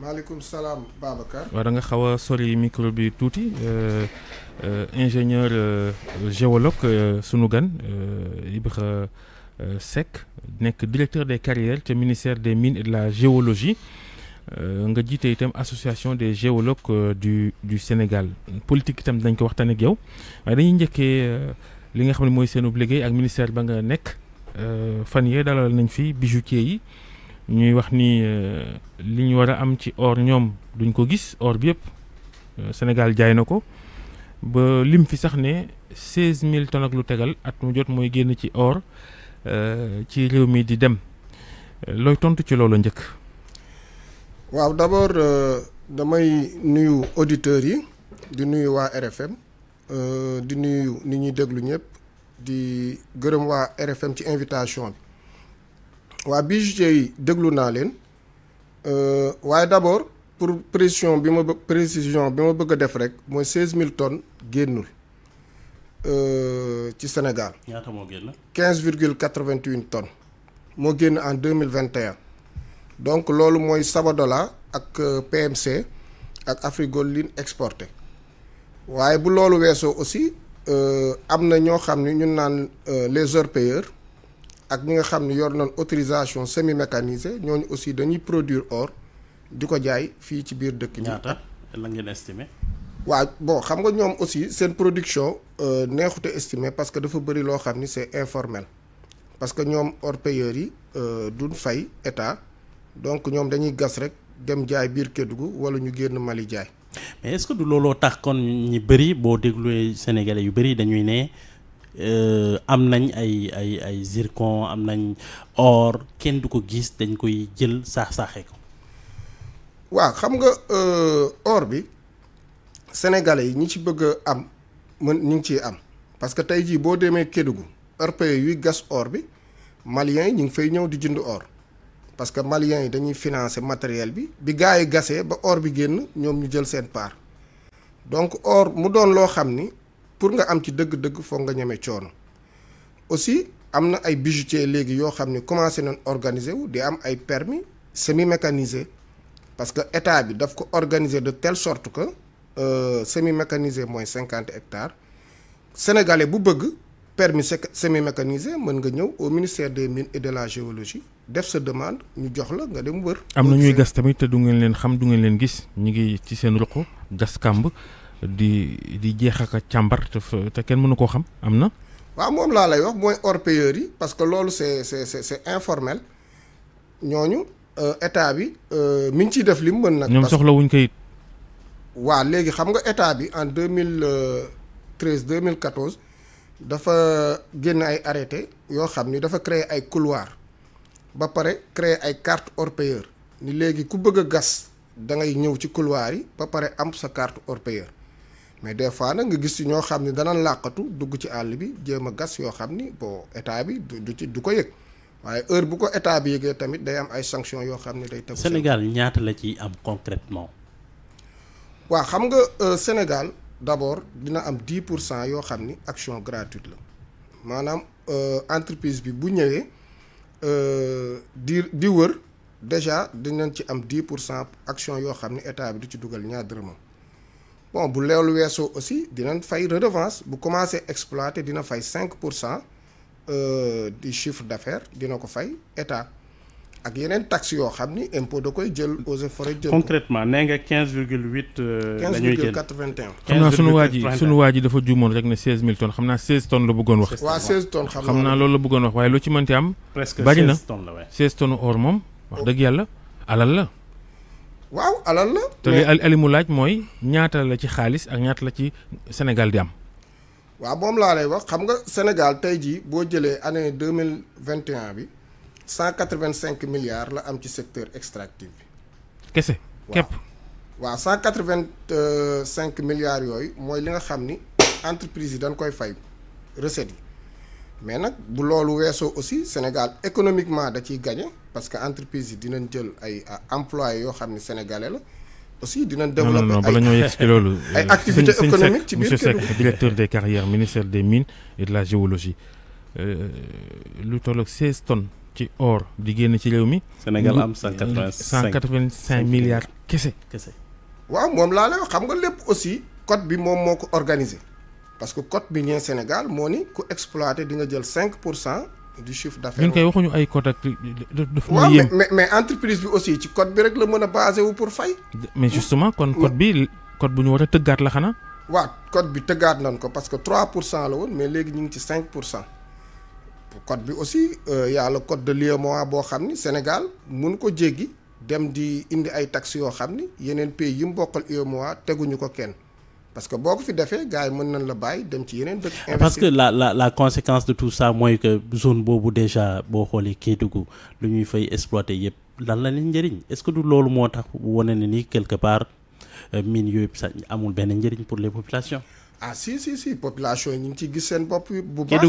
maaleykum salaam Babacar. waaw nga xaw a sori micro bi tuuti euh, euh, ingénieur euh, géologue sunu gan Ibra sec nekk directeur des carrières ca ministère des mines et de la géologie nga jiite itam association des géologues du du Sénégal politique itam dañ ko waxtaan ak yow waaye dañuy njëkkee li nga xam ne mooy seenub liggéey ak ministère ba nga nekk fan yee dalal nañ fi bijoutier yi. ñuy wax ni euh, li ñu war a am ci or ñoom duñ ko gis or bi yëpp euh, Sénégal jaay na ko ba lim fi sax ne seize mille tonnes ak lu tegal at mu jot mooy génn ci or euh, ci réew mi di dem looy tontu ci loolu njëkk. waaw d'abord damay nuyu auditeurs yi di nuyu waa RFM di nuyu nit ñuy déglu ñëpp di gërëm waa RFM ci invitation bi. waa bijoutier yi déglu len euh waye d'abord pour précision bi ma précision bi ma bëgg def rek moy 16000 tonnes tonnes euh ci Sénégal. ñaata moo genn 15,81 tonnes mo genn en 2021. donc lolu moy Sabadola ak euh, PMC ak Afrigold exporté waye bu lolu wesso aussi euh amna ño xamni ñun naan euh, les orpailleurs ak ñi nga xam ne yor nañ autorisation semi mécanisée ñooñu aussi dañuy produire or di ko jaay fii ci biir dëkk bi. ñaata la ngeen estimé. waaw bon xam nga ñoom aussi seen production euh, neexute estimé parce que dafa bëri loo xam ni c'est informel parce que ñoom or payeurs yi euh, du fay état donc ñoom dañuy gas rek dem jaay biir Kédougou wala ñu génn Mali jaay. mais est-ce que du looloo tax kon ñi bëri boo dégluwee sénégalais yu bëri dañuy nee Euh, am nañ ay ay ay zircon am nañ or kenn du ko gis dañ koy jël sax saaxee ko. waaw xam nga euh, or bi sénégalais yi ñi ci bëgg am mën ñu ngi ciy am parce que tey jii boo demee kédugu européen yuy gas or bi maliens yi ñu ngi fay ñëw di jënd or parce que maliens yi dañuy financer matériel bi bi gars yi gasee ba or bi génn ñoom ñu jël seen part donc or mu doon loo xam ni. pour nga am ci dëgg-dëgg foog nga ñeme coono aussi am na ay bijoutier léegi yoo xam ne commencé nañ organiser wu di am ay permis semi mécanisé parce que état bi daf ko organiser de telle sorte que euh, semi mécanisé mooy cinquante hectares sénégalais bu bëgg permis semi mécanisé mën nga ñëw au ministère des mines et de la géologie def sa demande ñu jox la nga dem wër. am na ñuy gas tamit te du ngeen leen xam du ngeen leen gis ñu ngi ci seen ruq gas kàmb. di di jeex ak càmbar te te kenn mënu koo xam am na. waaw moom laa lay wax mooy hors yi parce que loolu c'est c'est c'est informel ñooñu euh, état bi euh, mi ngi ciy def li mu mën nag. ñoom soxlawuñ kayit. waaw léegi xam nga état bi en 2013 2014 euh, dafa génn ay arrêté yoo xam ni dafa créer ay couloir ba pare créer ay carte hors ni léegi ku bëgg a gas da ngay ñëw ci couloir yi ba pare am sa carte hors mais des fois nak nga gis ci ño xamni da danañ laqatu dugg ci all bi jéem gas yo xamni bo état bi du ci du ko yek waye heure bu ko état bi yëgee tamit day am ay sanctions yo xamni day. tegu Sénégal ñaata la ci am concrètement. wa xam nga euh, Sénégal d'abord dina am 10 yo xamni action gratuite la euh, entreprise bi bu ñëwé euh, di di wër déjà dinañ ci am 10 action yo xamni état bi du ci dugal ñaar dërëmam bon bu leewlu weesoo aussi dinañ fay redevance bu à exploiter dina fay 5 pour cent euh, du chiffre d'affaires dina ko fay état ak yeneen taxes yoo xam ni impôt da koy jël eaux concrètement nee 15,8. 15 virgule 8 euh, la ñuy jël 15 virgule 81 sunu waa sunu waa dafa juumoon rek 16 000 tonnes xam 16 tonnes la bougon wax 16 tonnes xam naa loolu la bëggoon wax waaye loo ci mënti am presque 16 tonnes. 16 tonnes or moom wax dëgg yàlla alal la waaw alal la. te li mu laaj mooy ñaata la ci xaalis ak ñaata la ci Sénégal di am. waaw moom laa lay wax xam nga Sénégal tey jii boo jëlee année 2021 bi 185 milliards la am ci secteur extractif bi. kese képp. waaw 185 milliards yooyu mooy li nga xam ni entreprise yi dañ koy fay recettes yi mais nak bu lolou wesso aussi Sénégal économiquement da ci gagner parce que entreprise yi dinañ jël ay euh, employés yo xamni sénégalais la aussi dinañ développer non non bala ñoo yegg si ay euh, activité économique ci biir monsieur Seck directeur des carrières ministère des mines et de la géologie euh, lu tolok 16 tonnes ci or di génn ci réew mi. Sénégal am 185 185 milliards kese. kese waaw moom laa lay wax xam nga lépp aussi code bi moom moo ko parce que code bi Sénégal moni, ni ku exploité di nga jël 5 du chiffre d'affaires. ñun kay waxuñu ay code ak dafa ma mais mais entreprise bi aussi ci code bi rek la mën a basé wu pour fay. mais justement kon code bi code bu ñu war a tëggaat la xanaa. waaw code bi tëggaat nañ ko parce que 3 la won, mais léegi ñu ngi ci 5 pour code bi aussi euh, y a le code de l'UEMOA boo xam ni Sénégal mun ko jéggi dem di indi ay taxes yoo xam ni yeneen pays yi mu bokkal UEMOA teguñu ko kenn parce que boo ko fi defee gars yi mën nañ la bàyyi dem ci yeneen dëkk. Ah, parce que la la la conséquence de tout ça mooy que zone boobu déjà boo xoolee Kédougou lu ñuy fay exploiter yëpp lan la leen njëriñ est-ce que du loolu moo tax wane ne ni quelque part euh, mine yooyu sax amul benn njëriñ pour les populations. ah si si si population yi ñu ngi ciy gis seen bopp bu baax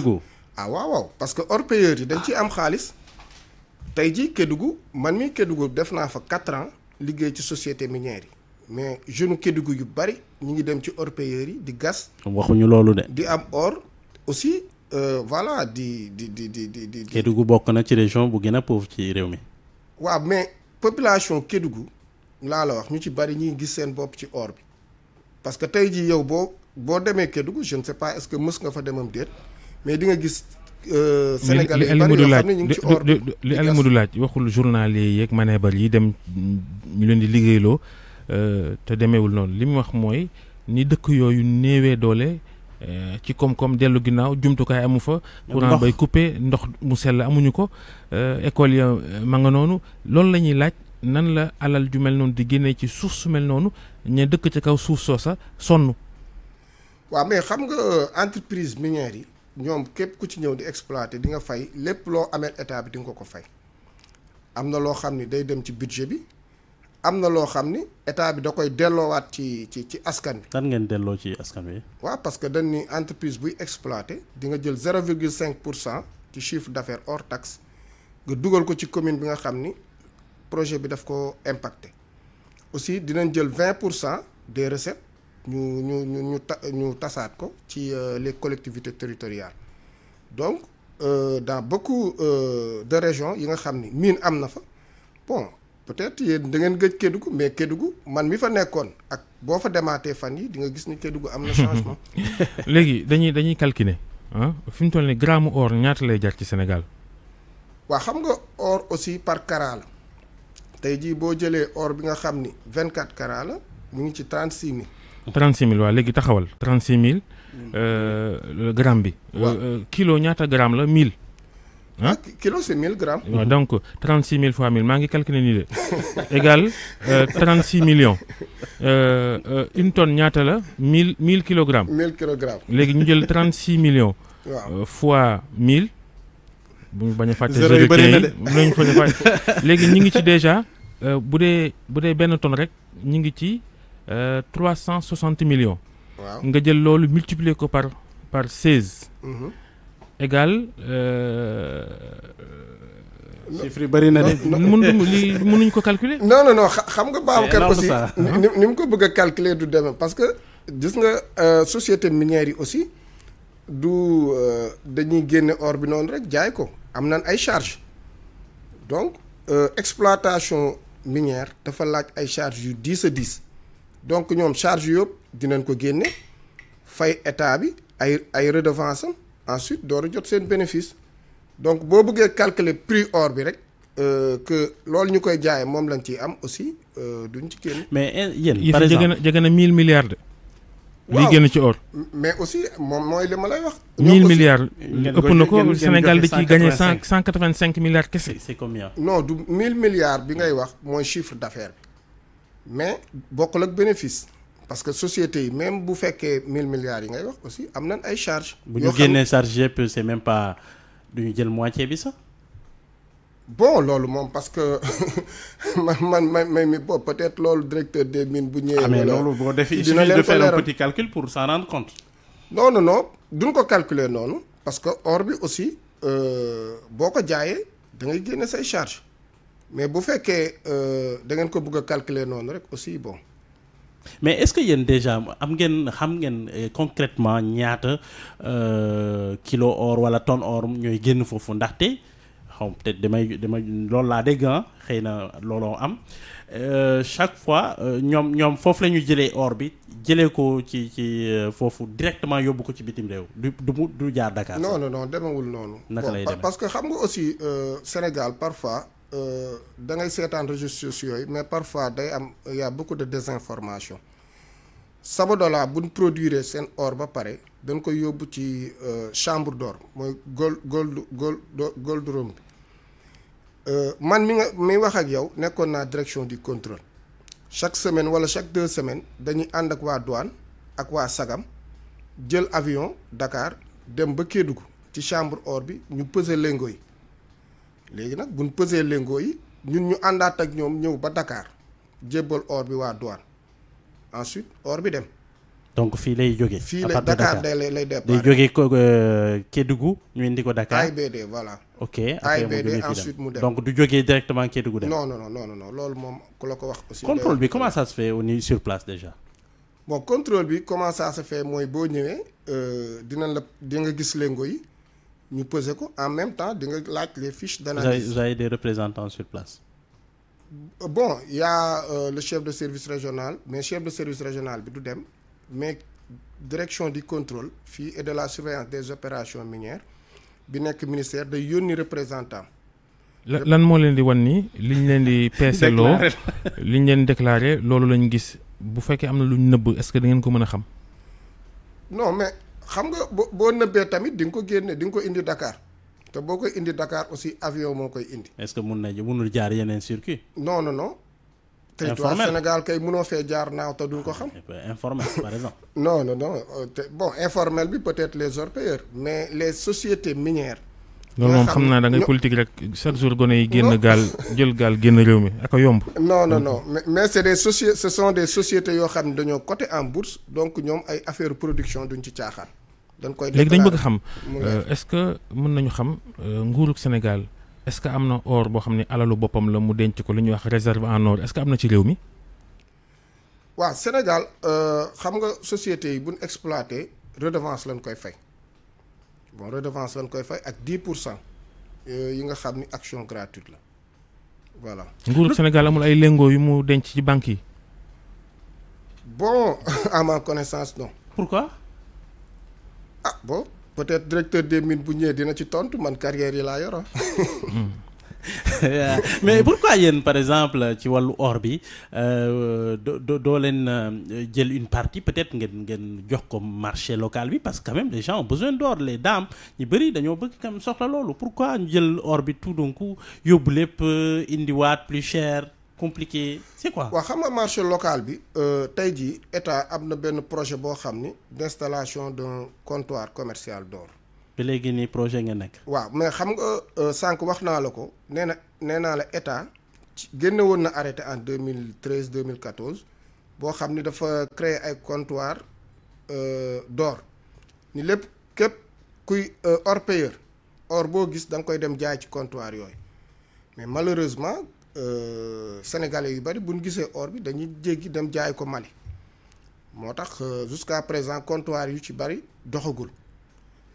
ah waaw waaw parce que orpailleurs yi dañ ciy am xaalis tey jii Kédougou man mi Kédougou def naa fa quatre ans liggéey ci société minière mais jeune Kédougou yu bari ñi ngi dem ci orpailleurs yi di gas. waxu ñu lolu de. di am or aussi euh voilà di di di di di di. Kédougou bokk na ci région bu gëna a pauvre ci réew mi. wa mais population Kédougou la la wax ñu ci bari ñi ngi gis seen bop ci or bi parce que tay ji yow boo bo démé Kédougou je ne sais pas est-ce que mus nga fa dem am déet mais di nga gis. euh sénégalais bari ñu ci or li Aliou Modou laaj waxul ak mané manebar yi dem ñu leen di liggéeyloo. Euh, te demeewul noonu li mu wax mooy ni dëkk yooyu néewee doole euh, ci koom-koom dellu ginnaaw jumtukaay amu fa. courant bay coupé ndox mu sell amuñu ko. Euh, école ya ma nga noonu loolu la ñuy laaj nan la alal ju mel noonu di génnee ci suuf su mel noonu ña dëkk ci kaw suuf soo soosa sonn. waaw mais xam nga entreprise minière yi ñoom képp ku ci ñëw di exploiter di nga fay lépp loo amee état bi dinga ko ko fay am na loo xam ni day dem ci budget bi. amna lo xamni état bi da koy wat ci ci ci askan bi ngeen dello ci askan bi parce que dans ni entreprise buy exploité di nga jël 0,5% chiffre d'affaires hors taxe nga dugal ko ci commune bi nga xamni projet bi impacté aussi dinañ jël 20% des recettes ñu ñu ñu ñu euh, les collectivités territoriales donc euh, dans beaucoup euh, de régions yi nga xamni mine amna fa bon peut-être yéen da ngeen gëj mais man mi fa nekkoon ak boo fa demaatee fan yi di nga gis ni Kédougou am changement. léegi dañuy dañuy calculer ah fi mu gramme or ñaata lay jar ci Sénégal. xam nga or aussi par carat la tey or bi nga xam ni vingt quatre carat la mu ngi ci trente six mille. trente six taxawal. Mm. Euh, gramme bi. Euh, euh, kilo ñaata gramme la Hein? ah c'est 1000 grammes. donc 36 000 fois 1000 maa vous calculer nii de Égal 36 euh, millions euh, euh, une tonne la 1000 kg. 1000 kg. ñu 36 millions. fois 1000. bu ñu bañ a fàtte. zéro yu déjà bu tonne 360 millions. waaw nga jël ko par par 16 égal. Euh, chiffre yi bari na de. mënuñu li mënuñu ko calculer. non non non xam nga Babacar eh, aussi ni mu ko bëgg a calculer du demee parce que gis nga euh, société minière yi aussi du euh, dañuy génne or bi noonu rek jaay ko am nan ay charges donc exploitation minière dafa laaj ay charges yu 10 a diis donc ñoom charges yëpp dinañ ko génne fay état bi ay ay redevance am ensuite doo jot seen bénéfice donc boo bëggee calculer prix or bi rek euh, que nous ñu koy jaay mom lañ ci am aussi euh, duñ ci kenn mais eh, yeen par exemple jëgë na 1000 milliards li gën ci or mais aussi mom moy li 1 000 wax 1000 milliards ëpp na ko sénégal a ci 185 milliards c'est combien non 1 000 milliards c'est ngay chiffre d'affaires mais beaucoup de bénéfice parce que la société même même bu fekkee 1000 milliards 000 milliards, wax aussi am nañ ay charges. bu ñu charge même pas de ñu moitié de ça bon c'est parce que peut-être le directeur des mines bu Ah, mais non, il suffit de faire un petit calcul pour s'en rendre compte. non non non duñ ko calculer non, parce que Orbi si aussi a un des da ngay génne say charges. mais si elle euh, da des ko bëgg a calculer non, aussi bon mais est-ce que yéen déjà am ngeen xam ngeen eh, concrètement ñaata euh, kilo or wala tonne or ñooy génn foofu ndaxte xaw peut-être demain damay loolu laa dégg ah, xëy na looloo am euh, chaque fois euh, ñom ñom fofu lañu ñu or bi jëlee ko ci ci fofu directement yóbbu ko ci bitim rew du du du jaar Dakar. non non non demewul noonu. parce que xam nga aussi Sénégal parfois. Euh, da ngay seetaan réseaux sociaux mais parfois day am y a beaucoup de désinformation Sabodala bu ñu produire seen or ba pare dañ koy yóbbu ci euh, chambre d'or mooy gold gold gold gold room bi euh, man mi nga mi wax ak yow nekkoon naa direction du contrôle chaque semaine wala chaque deux semaines dañuy ànd ak waa douane ak waa sagam jël avion Dakar dem ba Kédougou ci chambre or bi ñu peser lengo yi légui nak buñ yi ñun ñu ak ba Dakar bi ensuite bi dem. donc fi lay joggé fi Dakar lay ko euh, Kédougou ñu indi ko Dakar. voilà. ok ensuite mu dem donc du joggé directement Kédougou dem. non non non non non lool contrôle comment ça se fait au sur place déjà. bon contrôle bi comment ça se fait bo ñewé euh dinañ la di nga gis nous posons en même temps de nga les fiches d'analyse. vous avez des représentants sur place. bon il y a euh, le chef de service régional mais chef de service régional bi du dem mais direction du contrôle et de la surveillance des opérations minières bi le ministère de Yoni représentant. lan mo len di wan ni li ñu di. li len déclaré loolu lañu gis bu fekkee am est-ce que da ngeen ko non mais xam nga bo boo tamit indi Dakar te indi Dakar aussi avion indi. est-ce que jaar circuit. non non non. territoire Sénégal kay eh ben, informel par exemple. non non non euh, bon informel bi peut-être les orpailleurs mais les sociétés minières. politique non non non mais des ce sont des sociétés qui xam en bourse donc ñoom ay affaire production duñ ci dañ koy léegi dañ bëgg xam euh, est-ce que mën nañu xam euh, nguurug Sénégal est-ce que am na or boo xam ne alalu boppam la mu denc ko lu ñuy wax réserve en or est-ce que am na ci réew mi. waaw Sénégal euh, xam nga société yi bu ñu exploité redevance lañ koy fay bon redevance lañ koy fay ak 10 pour cent yi nga xam ni action gratuite la voilà. nguurug Sénégal amul ay léngoo yu mu denc ci banque yi. bon à ma connaissance non. pourquoi. ah bon peut-être directeur des mines bu ñëwee dina ci tontu man carrière yi laa yoro ah. mais pourquoi yéen par exemple ci vois or bi euh, do doo euh, une partie peut-être ngeen ngeen jox ko marché local bi parce que quand même les gens ont besoin d'or les dames ñu bëri dañoo bëgg quand même soxla loolu pourquoi ñu jël or bi tout d'un coup yóbbu lépp euh, indiwaat plus cher compliqué c'est quoi. waaw xam marché local bi l'État a un am projet d'installation d'un comptoir commercial d'or. ba léegi nii projet nga nekk. mais xam nga euh, sànq wax que la ko nee na arrêté en 2013 2014 boo xam dafa créer ay comptoir euh, d'or ni lépp képp kuy orpailleur or bo gis da nga koy dem jaay ci comptoir mais malheureusement. Euh, sénégalais yu bari buñu gisé gisee or bi dañuy djéggi dem jaay ko Mali motax euh, jusqu'à présent comptoir yu ci bari doxagul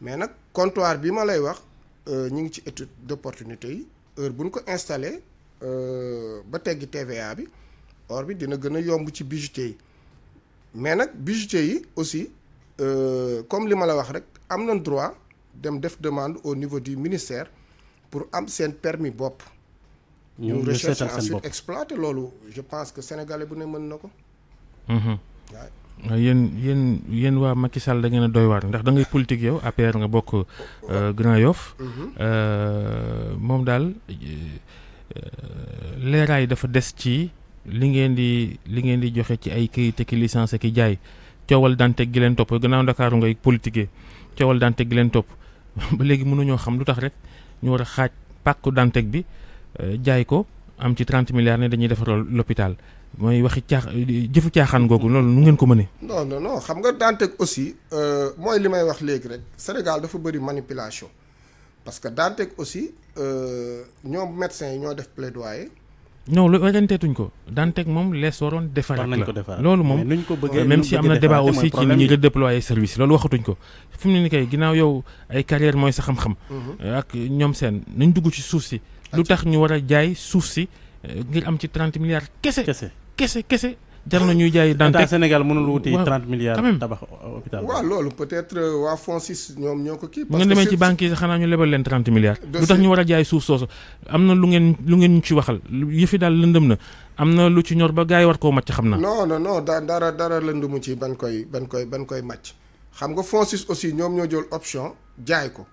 mais nak comptoir bi ma lay wax euh, ñu ngi ci étude d'opportunité yi heure buñ ko installé ba teggi TVA bi or bi dina gëna yomb ci bijoutier yi mais nak bijoutier yi aussi euh comme li ma la wax rek am nañ droit dem def demande au niveau du ministère pour am sen permis bop ñu a ensuite exploité loolu je pense que sénégalais bu ne mën na ko waaw mhm. ah, yéen yéen yéen waa Macky Sall da ngeen doy waar ndax dangay ngay politique yow APR nga bokk euh, Grand Yoff mhm. euh, moom daal euh, leeraay dafa des ci li ngeen di li ngeen di joxe ci ay këyit ak licence ki jaay coowal dante gi leen topp gannaaw ndakaaru ngay politique coowal dante gi leen topp ba léegi mënuñoo xam lu tax rek ñu war a xaaj pàkku dante bi Euh, jaay ko am ci trente milliards ne dañuy defar l'hôpital mooy waxi caax jëfu caaxaan googu loolu nu ngeen ko mënee. non non non xam nga Dantec aussi euh, mooy li may wax léegi rek Sénégal dafa bëri manipulation parce que Dantec aussi euh, ñoom médecins yi ñoo def plaidoyer. non lu orienteetuñ ko daan teg moom lees waroon defaraat la loolu moom même si am na débat aussi ci ni ñuy redéployer service loolu waxatuñ ko fi ne ni kay ginnaaw yow ay carrière mooy sa xam-xam mm-hmm. ak ñoom seen nañ dugg ci suuf si lu tax ñu war a jaay suuf si eh, ngir am ci trente milliards kese kese kese jar na ñuy jaay dante état Sénégal mënul wuti 30 milliards tabax hôpital waaw loolu peut-être euh, waa FONSIS ñoom ñoo ko kii bu ngeen demee ci banque yi xanaa ñu lebal leen 30 milliards lu tax ñu war a jaay suuf soosu am na lu ngeen lu ngeen ñu ci waxal fi daal lëndëm na am na lu ci ñor ba gars yi war koo màcc xam na non non non da dara dara lëndëmu ci ban koy ban koy ban koy màcc xam nga FONSIS aussi ñoom ñoo jël option jaay ko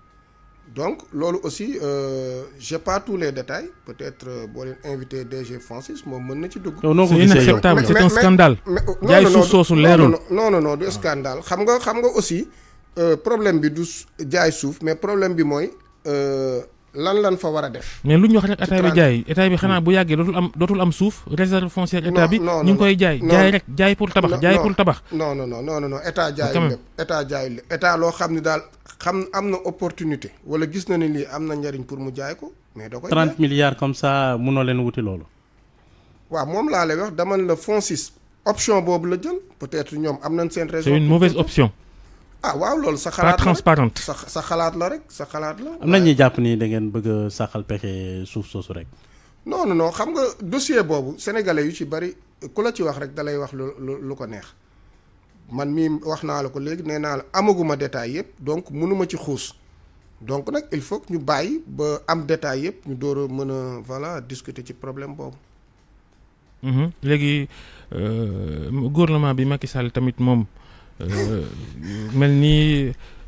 donc je aussi euh, j'ai pas tous les détails peut-être inviter euh, invité DG Francis c'est inacceptable c'est un scandale. souffre non non non un ah. scandale Je nga xam nga aussi euh, problème bi du jaay suuf mais problème bi que lan lan fa wara def. mais luñu wax rek état bi jaay état bi xana hmm. bu dotul am dotul am réserve foncière état bi. koy jaay jaay rek jaay pour tabax jaay pour tabax. non non non non non état jaay état jaay état xam am na opportunité wala gis na ne lii am na njariñ pour mu jaay ko mais da koy 30 milliards comme ça munoo leen wuti loolu. waaw moom laa lay wax dama la fond six option boobu la jël peut-être ñoom am nañ seen raison. c'est une mauvaise option. ah waaw loolu sa xalaat pas transparente sa sa xalaat la rek sa xalaat la. am na ñuy jàpp ni da ngeen bëgg a saxal pexe suuf soosu rek. non non non xam nga dossier boobu sénégalais yu ci bari ku la ci wax rek da lay wax lu lu ko neex. man mi wax naa la ko léegi nee naa la amaguma détail yëpp donc mënuma ci xuus donc nag il faut que ñu bàyyi ba am détail yëpp ñu door a mën a voilà discuter ci problème boobu. Mhm. léegi euh, gouvernement bi Macky Sall tamit moom euh, mel ni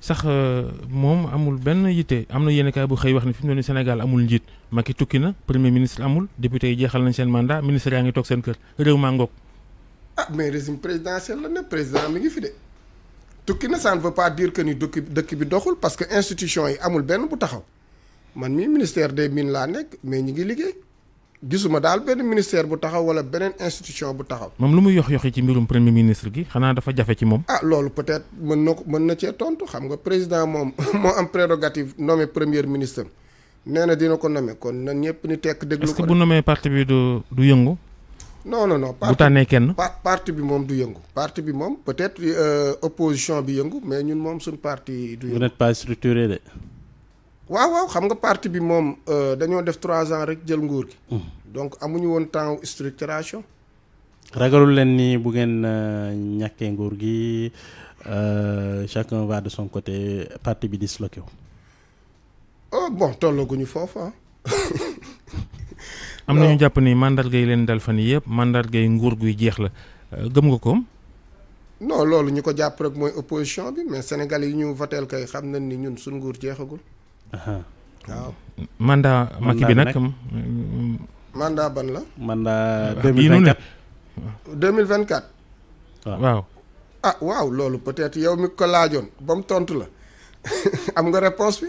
sax euh, moom amul benn yitte am na yenn bu xëy wax ne fi mu Sénégal amul njiit Macky tukki na premier ministre amul député yi jeexal nañ seen mandat ministre yaa ngi toog seen kër réew maa ngoog. ah mais régime présidentiel la ne président mi ngi fi de tukki na ça ne veut pas dire que ni dëkk bi doxul parce que institution yi amul benn bu taxaw man mi ministère des mines la nek mais ñi ngi liggéey gisuma dal ben ministère bu taxaw wala benen institution bu taxaw. mom lu muy yox yox ci mbirum premier ministre gi xana dafa jafé ci mom ah lolou peut-être mën na ko mën na cee tontu xam nga président mom mo am prérogative nommer premier ministre néna dina ko nommer kon nan ñëpp ni tekk déglu ko. est-ce que bu nommé parti bi du du yëngu. non non no parti bu tànnee parti bi moom du yëngu. parti bi moom peut-être euh, opposition bi yëngu mais ñun moom suñu parti. du yëngu vous n'êtes waaw waaw xam nga parti bi moom euh, dañoo def trois ans rek jël nguur gi. Hmm. donc amuñu woon temps structuration. ragalul leen ni bu ngeen euh, ñàkkee nguur gi chacun va de son côté parti bi disloqué wu. oh bon tolloo gu ñu foofu am na ñu jàpp nii mandarga yi leen dal fan yii yëpp mandarga yi nguur guy jeex la euh, gëm nga ko. non loolu ñu ko jàpp rek mooy opposition bi mais Sénégal yi ñu voteel kay xam nañ ni ñun suñ nguur jeexagul. waaw. mandat Macky bi nag. Euh, mandat ban la. mandat 2024 ah, 2024. waaw. ah waaw loolu peut-être yow mi ko laajoon ba mu tontu la am nga réponse bi.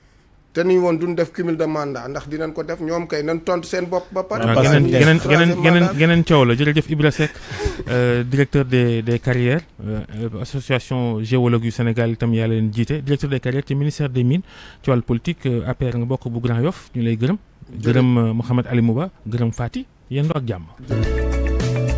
te ni woon duñ def cumul de mandat ndax dinañ ko def ñoom kay nañ tontu seen bopp ba pare. parce que geneen geneen geneen geneen coow la jërëjëf Ibra Seck euh, directeur des des carrières euh, association géologue yu Sénégal itam yàlla leen jiite directeur des carrières ci ministère des mines ci wàllu politique euh, APR nga bokk bu Grand Yoff ñu lay gërëm. gërëm Mouhamed Ali Mouba gërëm Fati yendoo ak jàmm.